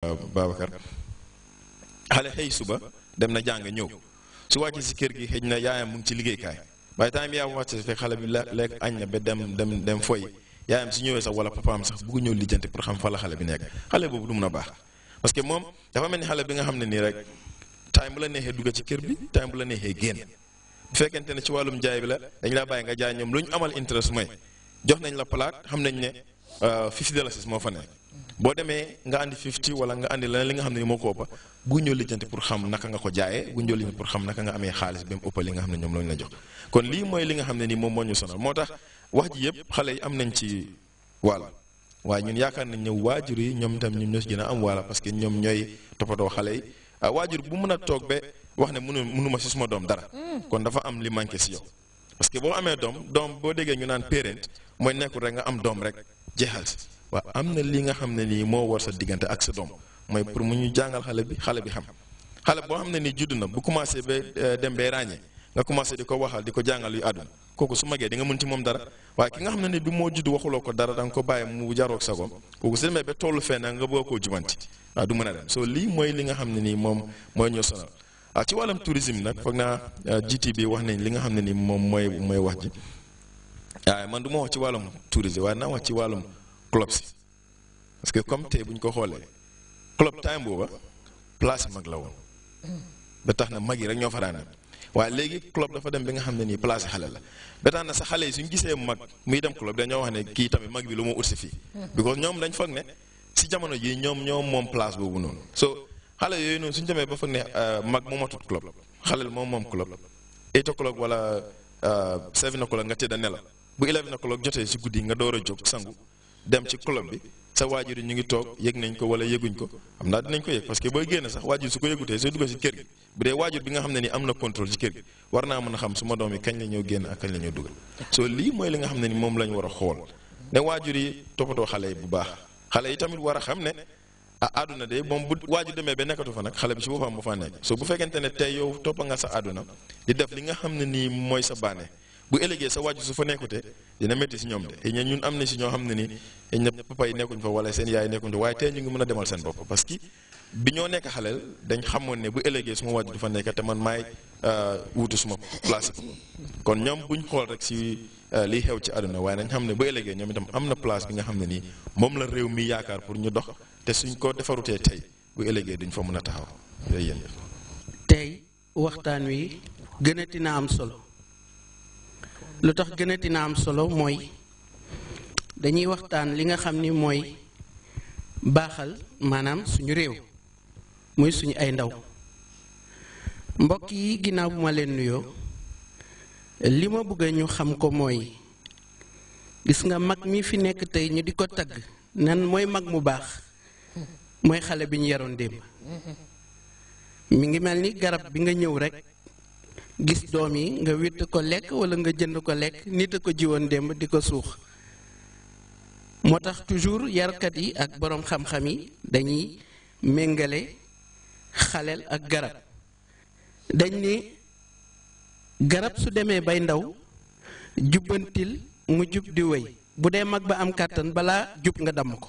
Babacar xale xëy suba dem na jàng ñëw su wàccee si kër gi xëj na yaayam mu ngi ci liggéeykaay waaye temps bi yaa wàcce fekk xale bi lekk añ na ba dem dem dem foy yaayam si ñëwee sax wala papaam sax bëgg ñëw lijjanti pour xam fa xale bi nekk xale boobu du mun a baax parce que moom dafa mel ni xale bi nga xam ne nii rek time bu la neexee dugg ci kër bi time bu la neexee génn bu fekkente ne ci wàllum jaay bi la dañ laa bàyyi nga jaay ñoom lu amal interest mooy jox nañ la palaat xam nañ ne Euh, fifty dollars moo fa nekk boo demee nga andi fifty wala nga andi leneen li nga xam ne ni moo ko ëppa bu ñëw lijjanti pour xam naka nga ko jaaye bu ñëw lijjanti pour xam naka nga amee xaalis ba mu ëppa li nga xam ne ñoom lañu la jox kon lii mooy li nga xam ne nii moom moo ñu sonal moo wax ji yëpp xale yi am nañ ci wàll waaye ñun yaakaar nañ ne waajur yi ñoom itam ñun ñoo am wàll parce que ñoom ñooy toppatoo xale yi ah, waajur bu mën a toog ba wax ne mënu mënuma si suma doom dara hmm. kon dafa am li manqué si yow parce que boo amee doom doom boo déggee ñu naan parent mooy nekkul rek nga am doom rek jeexal waaw am na li nga xam ne nii moo war sa diggante ak sa doom mooy pour mu ñu jàngal xale bi xale bi xam xale boo xam ne nii judd na bu commencé ba euh, dem bay ràññee nga commencé di ko waxal di ko jàngal yu kooku su magee di nga mën ci moom dara waaye ki nga xam ne ni bi moo judd waxuloo ko dara da nga ko bàyyi mu jaroog fee na nga bëgg koo jubanti waaw a dem so lii mooy li nga xam ne nii moom mooy ñoo sonal waaw ci wàllam tourisme nag foog naa euh, GT bi wax nañ li nga xam ne nii moom mooy mooy wax ji waaye man du ma wax ci wàllum tourisme waaye naa wax ci wàllum club si parce que comme tey bu ñu ko xoolee club time booba place mag la woon ba tax na mag yi rek ñoo fa daan waaye léegi club dafa dem bi nga xam ne nii place xale la ba tax na sa xale yi suñ gisee mag muy dem club dañoo wax ne kii tamit mag bi lu mu ut si fii. because ñoom dañ foog ne si jamono jii ñoom ñoom moom place boobu noonu so xale yooyu noonu suñ demee ba foog ne euh, mag moo matut club xalel moom moom club eight o'clock wala euh, seven o'clock nga tëdd nelaw bu eleven o'clock jotee si guddi nga door a jóg sangu dem ci club bi sa waajur yi ñu ngi toog yëg nañ ko wala yëguñ ko xam naa dinañ ko yëg parce que booy génn sax waajur su ko yëgutee soo dugg si kër gi bu dee waajur bi nga xam ne ni am na contrôle si kër gi war naa mën a xam mooy li nga xam ne ni moom lañ war a xool ne waajur yi toppatoo xale yi bu baax xale yi tamit war a xam ne ah àdduna de moom bu waajur demee ba nekkatu fa nag xale bi si boppam bu fa nekk soo bu fekkente ne tey yow toppa nga sa àdduna def li nga xam ne nii mooy sa bànneex bu ëllëgee sa wàjju su fa nekkute dina métti si ñoom de ña ñun am na si ñoo xam ne ni ña papa a demal seen bopp parce que bi ñoo te euh, euh, am na place bi nga xam ne nii moom la réew mi yaakaar pour ñu dox te suñ ko defarutee tey bu ëllëgee duñ fa mën a taxaw yooyu yéen tey waxtaan wi gënati na am solo lu tax gën a dina am solo mooy dañuy waxtaan li nga xam ni mooy baaxal maanaam suñu réew muy suñu ay ndaw mbokk yi ginnaaw bu ma leen nuyoo li ma buggee ñu xam ko mooy gis nga mag mi fi nekk tey ñu di ko tagg nan mooy mag mu baax mooy xale bi ñu yaroon démb mi ngi mel ni garab bi nga ñëw rekk gis doom yi nga witt ko lekk wala nga jënd ko lekk nit a ko jiwoon démb di ko suux moo tax toujours yarkat yi ak boroom xam-xam yi dañuy méngale xaleel ak garab dañ ni garab su demee bay ndaw jubbantil mu jub di wéy bu dee mag ba am kàttan balaa jub nga damm ko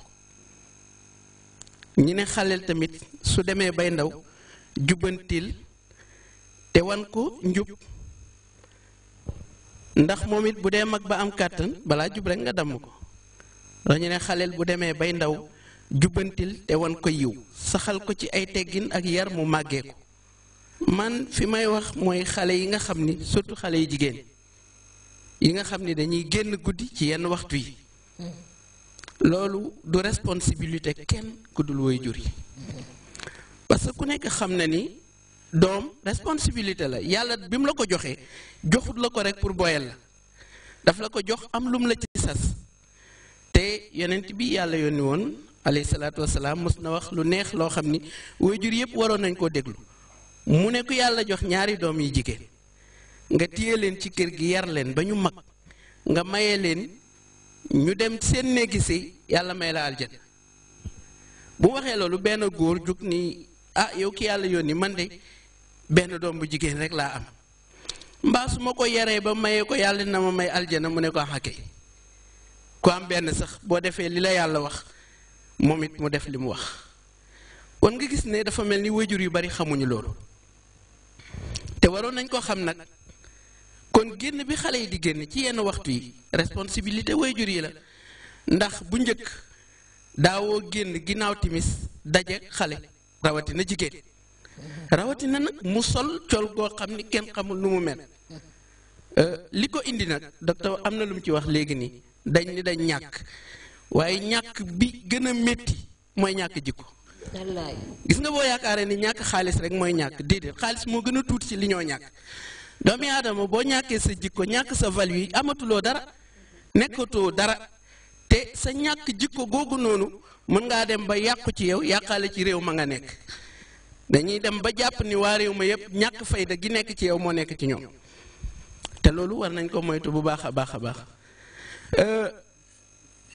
ñu ne xaleel tamit su demee bay ndaw jubbantil te wan ko njub ndax momit magbaam bu balaju mag ba am kàttan bala jub rek nga dam ko dañu ne xalel bu demee bay ndaw jubantil te wan ko yiw saxal ko ci ay teggin ak yar mu màggee ko man fi may wax moy xalé yi nga xamni surtout xalé yi jigen yi nga xamni dañuy genn guddi ci yenn waxtu yi lolou du responsabilité ken kudul way juri parce que ku nek xamna ni doom responsabilité la yàlla bi mu la ko joxee joxut la ko rek pour boyal la daf la ko jox am lum la ci sas te yonent bi yàlla yónni woon alayhi salaatu wasalaam mos na wax lu neex loo xam ni waajur yëpp waroon nañ koo déglu mu ne ku yàlla jox ñaari doom yi jigéen nga téye leen ci kër gi yar leen ba ñu mag nga maye leen ñu dem seen néegi si yàlla may la aljana bu waxee loolu benn góor jug ni ah yow ki yàlla ni man de benn doom bu jigéen rek laa am mbaa su ma ko yaree ba mayee ko yàlla na ma may aljana mu ne ko xakke ah, ku am benn sax boo defee li la yàlla wax moom it mu def li mu wax kon nga gis ne dafa mel ni wajur yu bari xamuñu loolu te waroon nañ ko xam nag kon génn bi xale yi di génn ci yenn waxtu yi responsabilité wajur yi la ndax bu njëkk daawoo génn ginnaaw timis daje xale rawatina jigéen rawatina nag mu sol col goo xam ni kenn xamul nu mu mel euh, li ko indi nag docteur am na lu mu ci wax léegi nii dañ ni dañ ñàkk waaye ñàkk bi gën a métti mooy ñàkk jikko gis nga boo yaakaaree ni ñàkk xaalis rek mooy ñàkk déedéet xaalis moo gën a tuuti ci li ñoo ñàkk doomi aadama boo ñàkkee sa jikko ñàkk sa valeur yi amatuloo dara nekkatoo dara te sa ñàkk jikko googu noonu mën ngaa dem ba yàqu ci yow yàqaale ci réew ma nga nekk dañuy dem ba japp ni waa réew ma yépp ñak fayda gi nekk ci yow mo nekk ci ñoom té lolu war nañ ko moytu bu baaxa baaxa baax euh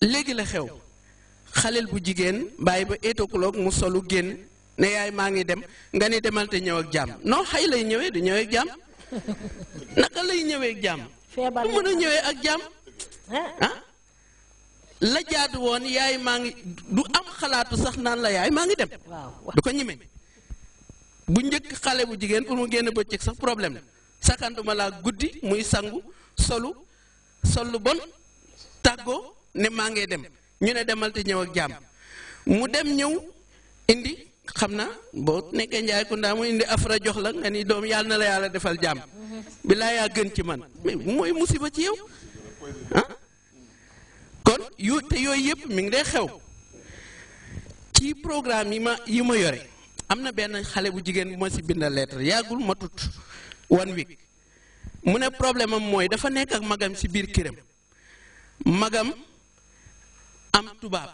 légui la xew xalel bu jigen ba étokuloog mu solo génn né yaay ma ngi dem nga ni demal té ñew ak jam no xay lay ñewé du ñëwee ak jam naka lay ñewé ak jam mu a ak jam ah? la jaad won yaay ma ngi du am xalaatu sax naan la yaay ma ngi dem du ko bu njëkk xale bu jigéen pour mu génn bëccëg sax problème la sakantuma laa guddi muy sangu solu sol lu bon tàggoo ne maa ngee dem ñu ne demal te ñëw ak jàmm mu dem ñëw indi xam na boo nekkee njaay ku ndaa mu indi afra jox la nga ni doom yàlla na la yàlla defal jàmm bi laa yaa gën ci man mais mooy musiba ci yow ah kon yu te yooyu yëpp mi ngi day xew ci programme yi ma yi ma yore am na benn xale bu jigéen moo ci bindal lettre yàggul ma matut one week mu ne problème am mooy dafa nekk ak magam ci biir këram magam am tubaab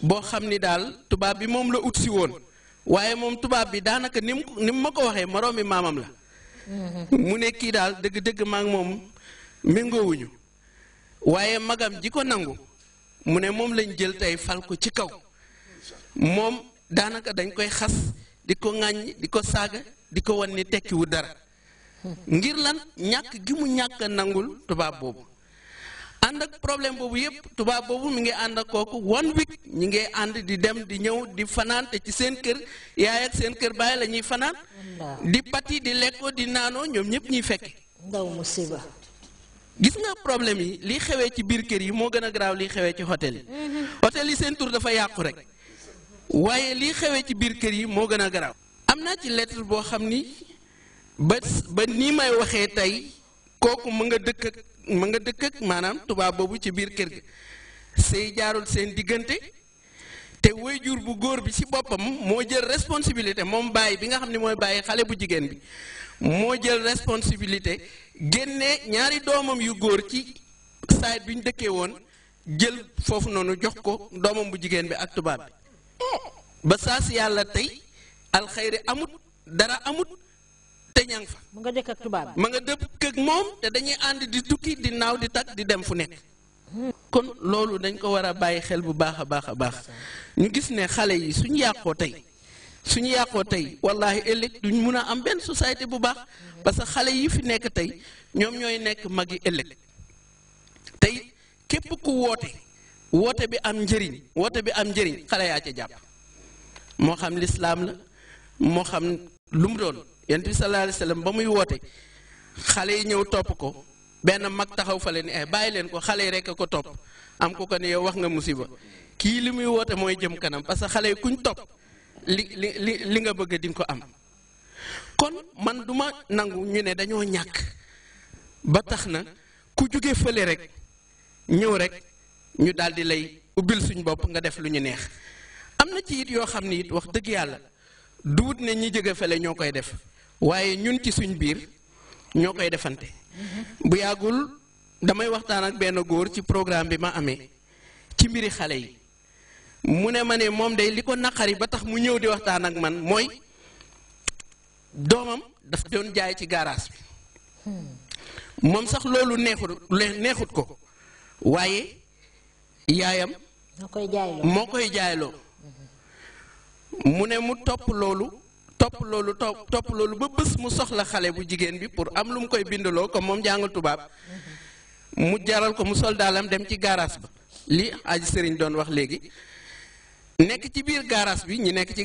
boo xam ni daal tubaab bi moom la ut si woon waaye moom tubaab bi daanaka ni mu ni mu ma ko waxee moroom mi maamam la mu ne kii daal dëgg-dëgg maa ngi moom méngoowuñu waaye magam ji ko nangu mu ne moom lañ jël tey fal ci kaw moom daanaka dañ koy xas di ko ŋàññ di ko saaga di ko wan ni tekkiwu dara ngir lan ñàkk gi mu ñàkk nangul tubaab boobu ànd ak problème boobu yépp tubaab boobu mu ngi ànd ak kooku one week ñi ngi ànd di dem di ñëw di fanaan te ci seen kër yaay ak seen kër bàyyi la ñuy fanaan di pati di lekkoo di naanoo ñoom ñëpp ñuy fekke ndaw musiba gis nga problème yi liy xewee ci biir kër yi moo gën a garaaw liy xewee ci hôtel yi mm-hmm. hôtel yi seen tur dafa yàqu rek waaye lii xewee ci biir kër yi moo gën a garaaw am naa ci lettre boo xam ni ba ba nii may waxee tey kooku mu nga dëkk ak nga dëkk maanaam tubaab boobu ci biir kër gi sëy jaarul seen diggante te waajur bu góor bi ci boppam moo jël responsibilité moom bàyyi bi nga xam ne mooy bàyyi xale bu jigéen bi moo jël responsabilité génne ñaari doomam yu góor ci saay bi dëkkee woon jël foofu noonu jox ko doomam bu jigéen bi ak tubaab bi ba sas yàlla tey alxayri amut dara amut te ñang fa. mu nga dëkk ak tubaab ma nga dëkk ak moom te dañuy ànd di tukki di naaw di tag di dem fu nekk. kon loolu dañ ko war a bàyyi xel bu baax a baax a baax ñu gis ne xale yi suñu yàqoo tey suñu yàqoo tey wallahi ëllëg ñu mun a am benn société bu baax parce que xale yi fi nekk tey ñoom ñooy nekk mag yi ëllëg tey képp ku wootee woote bi am njëriñ woote bi am njëriñ xale yaa ca jàpp moo xam lislaam la moo xam lu mu doon yonent bi sallallahu alayhi wasallam ba muy woote xale yi ñëw topp ko benn mag taxaw fa leen ni eh, ay bàyyi leen ko xale yi a ko topp am ku ko ne yow wax nga musiba kii li muy woote mooy jëm kanam parce que xale yi kuñ topp li li li li nga bëgg di ko am kon man duma nangu ñu ne dañoo ñàkk ba tax na ku jóge fële rek ñëw rek ñu daal di lay ubbil suñ bopp nga def lu ñu neex am na ci it yoo xam ni it wax dëgg yàlla duut ne ñi jóge fele ñoo koy def waaye ñun ci suñ biir ñoo koy defante mm-hmm. bu yàggul damay waxtaan ak benn góor ci programme bi ma amee ci mbiri xale yi mu ne ma ne moom day li ko naqari ba tax mu ñëw di waxtaan ak man mooy doomam daf doon jaay ci gaaraas bi hmm. moom sax loolu neexut neexut ko waaye yaayam moo koy jaayloo mu ne mu topp loolu topp loolu topp topp loolu ba bés mu soxla xale bu jigéen bi pour am lu mu koy bindaloo ko moom jàngul tubaab mu jaral ko mu sol daalam dem ci gaaraas ba li aji sëriñ doon wax léegi nekk ci biir gaaraas bi ñu nekk ci